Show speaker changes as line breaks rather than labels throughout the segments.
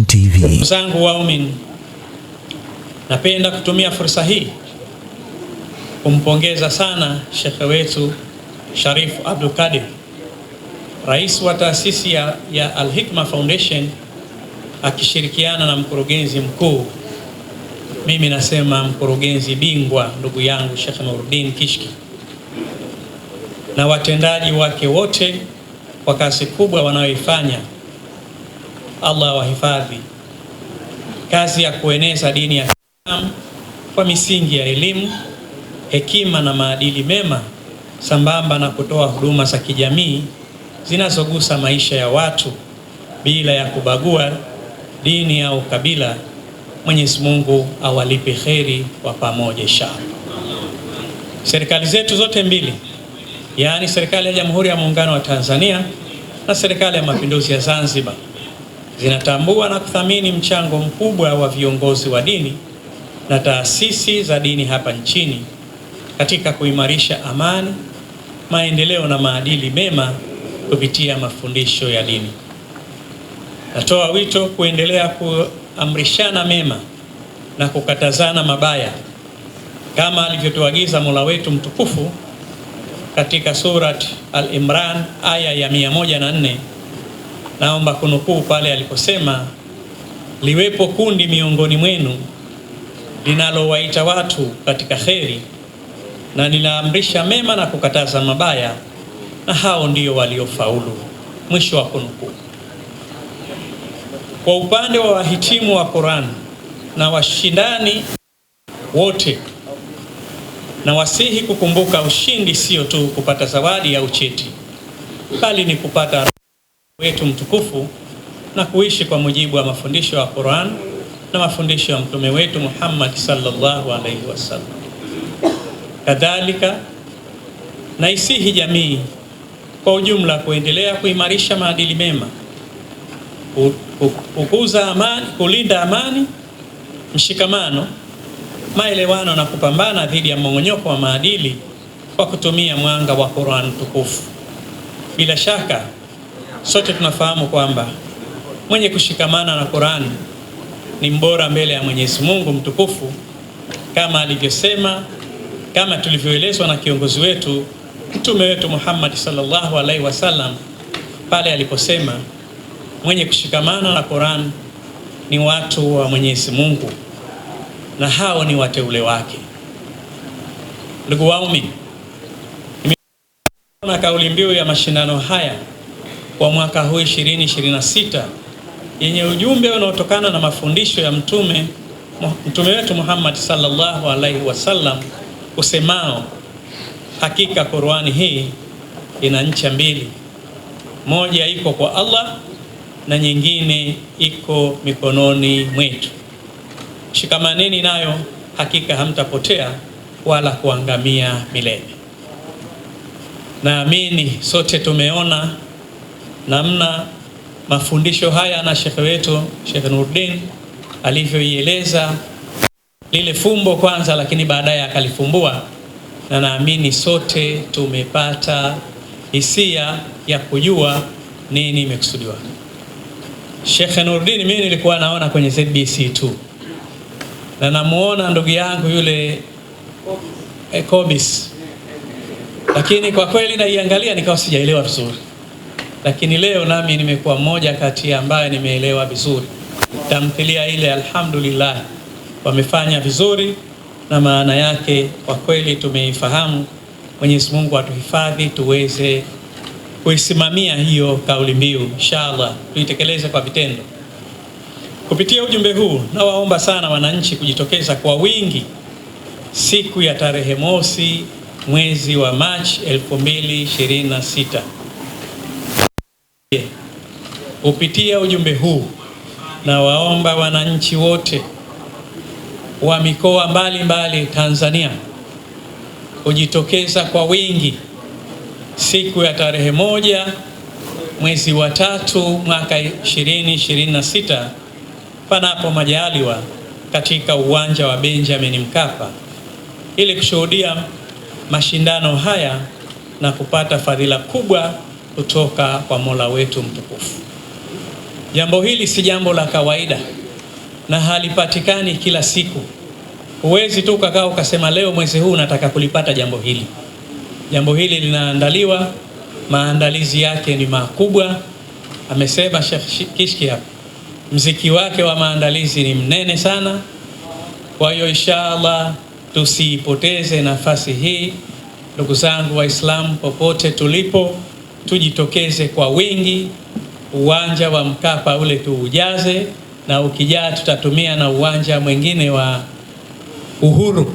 Online TV.
zangu waumini, napenda kutumia fursa hii kumpongeza sana shekhe wetu Sharifu Abdul Qadir, rais wa taasisi ya, ya Al Hikma Foundation akishirikiana na mkurugenzi mkuu, mimi nasema mkurugenzi bingwa, ndugu yangu Sheikh Nuruddin Kishki na watendaji wake wote kwa kazi kubwa wanayoifanya Allah wahifadhi Kazi ya kueneza dini ya Islam kwa misingi ya elimu, hekima na maadili mema sambamba na kutoa huduma za kijamii zinazogusa maisha ya watu bila ya kubagua dini au kabila. Mwenyezi Mungu awalipe kheri kwa pamoja inshallah. Serikali zetu zote mbili, yaani serikali ya Jamhuri ya Muungano wa Tanzania na serikali ya Mapinduzi ya Zanzibar zinatambua na kuthamini mchango mkubwa wa viongozi wa dini na taasisi za dini hapa nchini katika kuimarisha amani, maendeleo na maadili mema kupitia mafundisho ya dini. Natoa wito kuendelea kuamrishana mema na kukatazana mabaya kama alivyotuagiza Mola wetu mtukufu katika Surat Al-Imran aya ya 104 naomba kunukuu pale aliposema, liwepo kundi miongoni mwenu linalowaita watu katika kheri na linaamrisha mema na kukataza mabaya, na hao ndio waliofaulu. Mwisho wa kunukuu. Kwa upande wa wahitimu wa Qur'an na washindani wote, na wasihi kukumbuka ushindi sio tu kupata zawadi au cheti, bali ni kupata wetu mtukufu na kuishi kwa mujibu wa mafundisho ya Qur'an na mafundisho ya mtume wetu Muhammad sallallahu alaihi wasallam. Kadhalika naisihi jamii kwa ujumla kuendelea kuimarisha maadili mema, kukuza amani, kulinda amani, mshikamano, maelewano na kupambana dhidi ya mmong'onyoko wa maadili kwa kutumia mwanga wa Qur'an tukufu. Bila shaka Sote tunafahamu kwamba mwenye kushikamana na Qur'an ni mbora mbele ya Mwenyezi Mungu mtukufu, kama alivyosema, kama tulivyoelezwa na kiongozi wetu mtume wetu Muhammad sallallahu alaihi wasallam pale aliposema, mwenye kushikamana na Qur'an ni watu wa Mwenyezi Mungu na hao ni wateule wake. Ndugu waumini, na kauli mbiu ya mashindano haya wa mwaka huu 2026 yenye ujumbe unaotokana na mafundisho ya mtume mtume wetu Muhammad sallallahu alaihi wasallam usemao, hakika Qur'ani hii ina ncha mbili, moja iko kwa Allah na nyingine iko mikononi mwetu. Shikamaneni nayo, hakika hamtapotea wala kuangamia milele. Naamini sote tumeona namna mafundisho haya na shekhe wetu Shekhe Nuruddin alivyoieleza lile fumbo kwanza, lakini baadaye akalifumbua, na naamini sote tumepata hisia ya kujua nini imekusudiwa. Shekhe Nuruddin, mimi nilikuwa naona kwenye ZBC tu na namuona ndugu yangu yule eh, Kobis, lakini kwa kweli naiangalia nikawa sijaelewa vizuri lakini leo nami nimekuwa mmoja kati ya ambaye nimeelewa vizuri tamthilia ile. Alhamdulillah, wamefanya vizuri na maana yake kwa kweli tumeifahamu. Mwenyezi Mungu atuhifadhi tuweze kuisimamia hiyo kauli mbiu, inshallah tuitekeleze kwa vitendo. Kupitia ujumbe huu, nawaomba sana wananchi kujitokeza kwa wingi siku ya tarehe mosi mwezi wa Machi 2026 Kupitia ujumbe huu na waomba wananchi wote wa mikoa mbalimbali Tanzania kujitokeza kwa wingi siku ya tarehe moja mwezi wa tatu mwaka 2026 panapo majaliwa katika uwanja wa Benjamin Mkapa ili kushuhudia mashindano haya na kupata fadhila kubwa kutoka kwa Mola wetu mtukufu. Jambo hili si jambo la kawaida na halipatikani kila siku. Huwezi tu ukakaa ukasema leo mwezi huu nataka kulipata jambo hili. Jambo hili linaandaliwa, maandalizi yake ni makubwa. Amesema Sheikh Kishki hapa, mziki wake wa maandalizi ni mnene sana. Kwa hiyo inshallah tusiipoteze nafasi hii, ndugu zangu Waislamu popote tulipo tujitokeze kwa wingi, uwanja wa Mkapa ule tuujaze, na ukijaa tutatumia na uwanja mwingine wa Uhuru.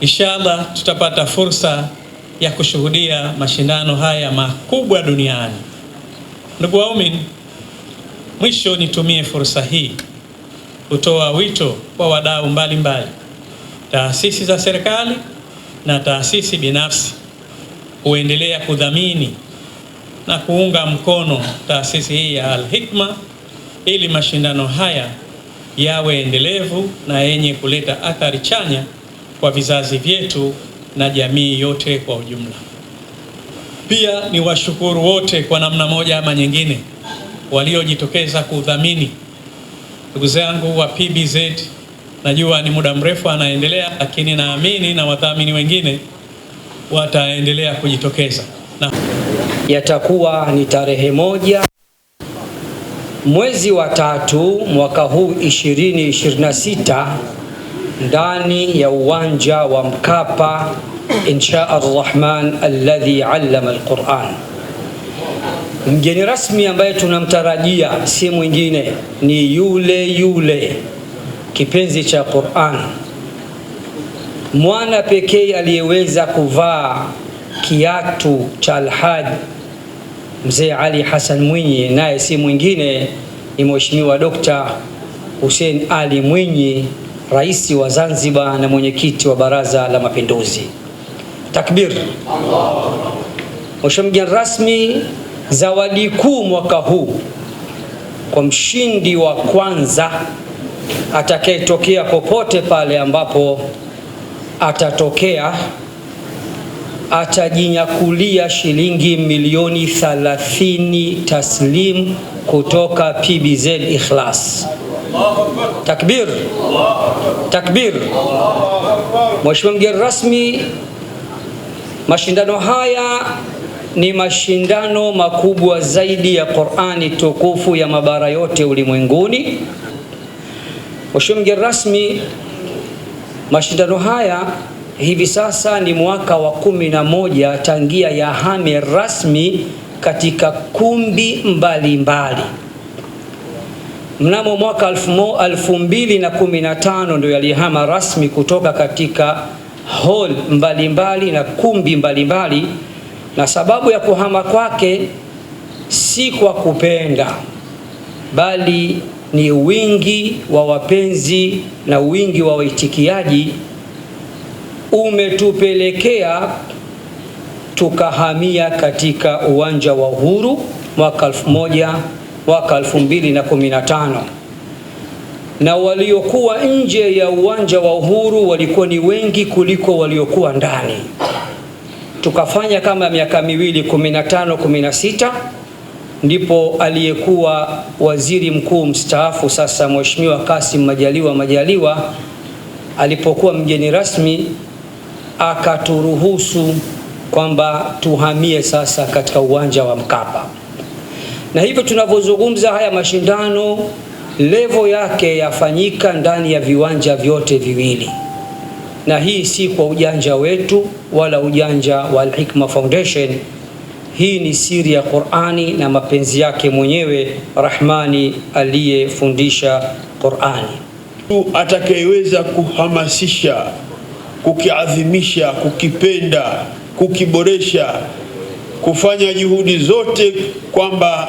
Inshallah tutapata fursa ya kushuhudia mashindano haya makubwa duniani. Ndugu waumini, mwisho nitumie fursa hii kutoa wito kwa wadau mbalimbali, taasisi za serikali na taasisi binafsi kuendelea kudhamini na kuunga mkono taasisi hii ya Al-Hikma ili mashindano haya yawe endelevu na yenye kuleta athari chanya kwa vizazi vyetu na jamii yote kwa ujumla. Pia ni washukuru wote kwa namna moja ama nyingine waliojitokeza kudhamini. Ndugu zangu wa PBZ, najua ni muda mrefu anaendelea, lakini naamini na wadhamini wengine wataendelea kujitokeza na
yatakuwa ni tarehe moja mwezi wa tatu mwaka huu 2026 ndani ya uwanja wa Mkapa, insha arrahman alladhi allama alquran. Mgeni rasmi ambaye tunamtarajia si mwingine ni yule yule kipenzi cha Quran, mwana pekee aliyeweza kuvaa kiatu cha alhaji Mzee Ali Hassan Mwinyi, naye si mwingine ni Mheshimiwa Dr. Hussein Ali Mwinyi, rais wa Zanzibar na mwenyekiti wa Baraza la Mapinduzi. Takbir! Mheshimiwa mgeni rasmi, zawadi kuu mwaka huu kwa mshindi wa kwanza atakayetokea popote pale ambapo atatokea atajinyakulia shilingi milioni 30 taslim kutoka PBZ Ikhlas. Takbir, takbir! Mheshimiwa mgeni rasmi, mashindano haya ni mashindano makubwa zaidi ya Qur'ani tukufu ya mabara yote ulimwenguni. Mheshimiwa mgeni rasmi, mashindano haya Hivi sasa ni mwaka wa kumi na moja tangia yahame rasmi katika kumbi mbalimbali mbali. Mnamo mwaka tano ndio yalihama rasmi kutoka katika hall mbalimbali mbali na kumbi mbalimbali mbali. Na sababu ya kuhama kwake si kwa kupenda, bali ni wingi wa wapenzi na wingi wa waitikiaji umetupelekea tukahamia katika uwanja wa uhuru mwaka elfu mwaka 2015 na na waliokuwa nje ya uwanja wa uhuru walikuwa ni wengi kuliko waliokuwa ndani. Tukafanya kama miaka miwili, 15 16, ndipo aliyekuwa waziri mkuu mstaafu sasa Mheshimiwa Kasim Majaliwa Majaliwa alipokuwa mgeni rasmi akaturuhusu kwamba tuhamie sasa katika uwanja wa Mkapa, na hivyo tunavyozungumza haya mashindano levo yake yafanyika ndani ya viwanja vyote viwili, na hii si kwa ujanja wetu wala ujanja wa Al-Hikma Foundation. Hii ni siri ya Qur'ani na mapenzi yake mwenyewe Rahmani aliyefundisha Qur'ani.
Atakayeweza kuhamasisha kukiadhimisha, kukipenda, kukiboresha, kufanya juhudi zote kwamba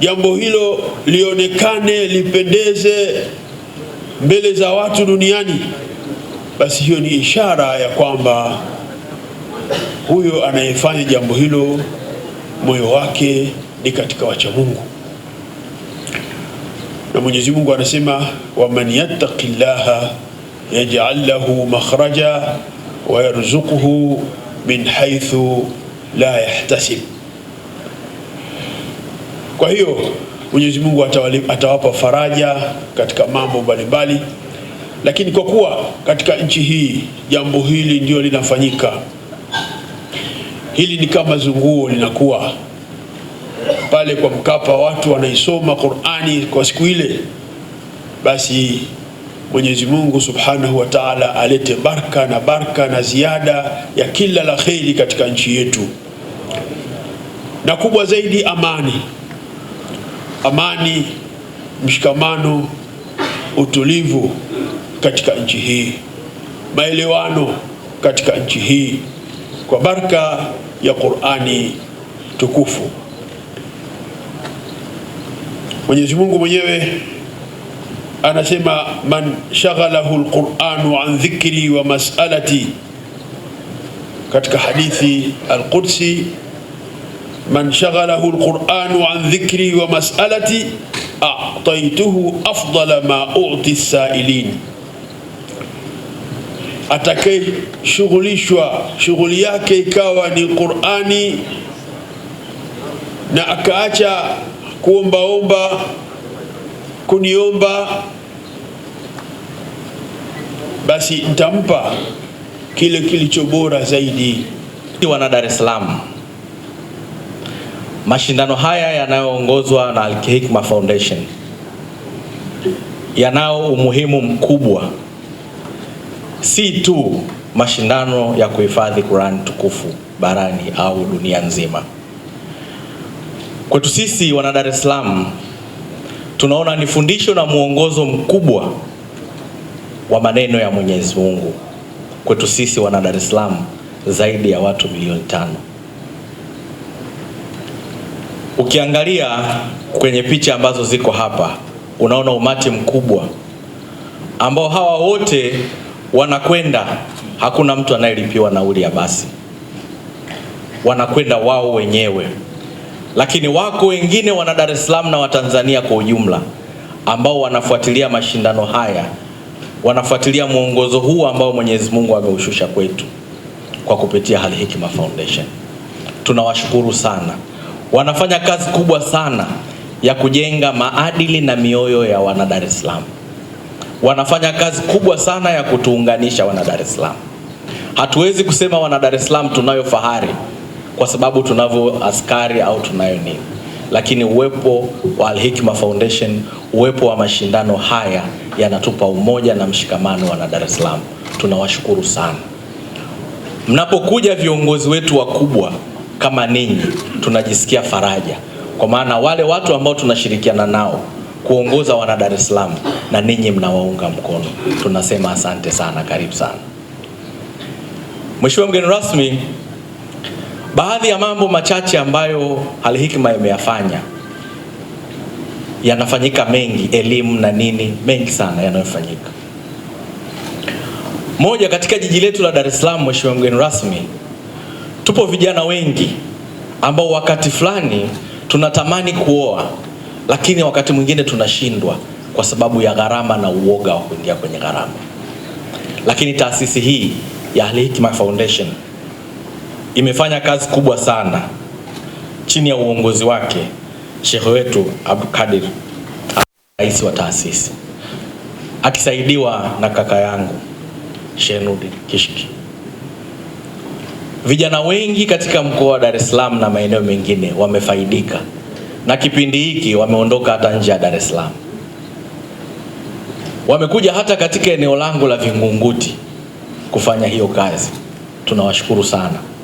jambo hilo lionekane, lipendeze mbele za watu duniani, basi hiyo ni ishara ya kwamba huyo anayefanya jambo hilo moyo wake ni katika wacha Mungu, na Mwenyezi Mungu anasema waman yattaqillaha yaj'al lahu makhraja wa yarzuquhu min haythu la yahtasib. Kwa hiyo Mwenyezi Mungu atawapa faraja katika mambo mbalimbali, lakini kwa kuwa katika nchi hii jambo hili ndio linafanyika, hili ni kama zunguo linakuwa pale kwa Mkapa, watu wanaisoma Qur'ani kwa siku ile, basi Mwenyezi Mungu Subhanahu wa Ta'ala alete baraka na baraka na ziada ya kila la kheri katika nchi yetu, na kubwa zaidi amani, amani, mshikamano, utulivu katika nchi hii, maelewano katika nchi hii kwa baraka ya Qur'ani tukufu. Mwenyezi Mungu mwenyewe anasema man shaghalahu lquranu an dhikri wa masalati, katika hadithi alqudsi, man shaghalahu lquranu an dhikri wa masalati ataituhu afdala ma uti sailin, atakayeshughulishwa shughuli yake ikawa ni Qurani na akaacha kuombaomba kuniomba basi ntampa kile kilicho bora zaidi. Wana Dar es Salaam,
mashindano haya yanayoongozwa na Al-Hikma Foundation yanao umuhimu mkubwa, si tu mashindano ya kuhifadhi Qur'an tukufu barani au dunia nzima. Kwetu sisi wana Dar es Salaam tunaona ni fundisho na mwongozo mkubwa wa maneno ya Mwenyezi Mungu kwetu sisi wana Dar es Salaam zaidi ya watu milioni tano. Ukiangalia kwenye picha ambazo ziko hapa, unaona umati mkubwa ambao hawa wote wanakwenda, hakuna mtu anayelipiwa nauli ya basi, wanakwenda wao wenyewe. Lakini wako wengine wana Dar es Salaam na Watanzania kwa ujumla ambao wanafuatilia mashindano haya wanafuatilia mwongozo huu ambao Mwenyezi Mungu ameushusha kwetu kwa kupitia hali Hikma Foundation. Tunawashukuru sana, wanafanya kazi kubwa sana ya kujenga maadili na mioyo ya wana Dar es Salaam. Wanafanya kazi kubwa sana ya kutuunganisha wana Dar es Salaam. Hatuwezi kusema wana Dar es Salaam tunayo fahari kwa sababu tunavyo askari au tunayo nini lakini uwepo wa Alhikma Foundation, uwepo wa mashindano haya yanatupa umoja na mshikamano wana Dar es Salaam. Tunawashukuru sana. Mnapokuja viongozi wetu wakubwa kama ninyi, tunajisikia faraja, kwa maana wale watu ambao tunashirikiana nao kuongoza wana Dar es Salaam na ninyi mnawaunga mkono, tunasema asante sana, karibu sana. Mheshimiwa mgeni rasmi Baadhi ya mambo machache ambayo Alhikma yameyafanya, yanafanyika mengi, elimu na nini, mengi sana yanayofanyika. Moja, katika jiji letu la Dar es Salaam, mheshimiwa mgeni rasmi, tupo vijana wengi ambao wakati fulani tunatamani kuoa, lakini wakati mwingine tunashindwa kwa sababu ya gharama na uoga wa kuingia kwenye gharama, lakini taasisi hii ya Alhikma Foundation imefanya kazi kubwa sana chini ya uongozi wake shehe wetu Abdulkadir, rais wa taasisi, akisaidiwa na kaka yangu shenudi Nurdin Kishki. Vijana wengi katika mkoa wa Dar es Salaam na maeneo mengine wamefaidika na kipindi hiki, wameondoka hata nje ya Dar es Salaam, wamekuja hata katika eneo langu la Vingunguti kufanya hiyo kazi. Tunawashukuru sana.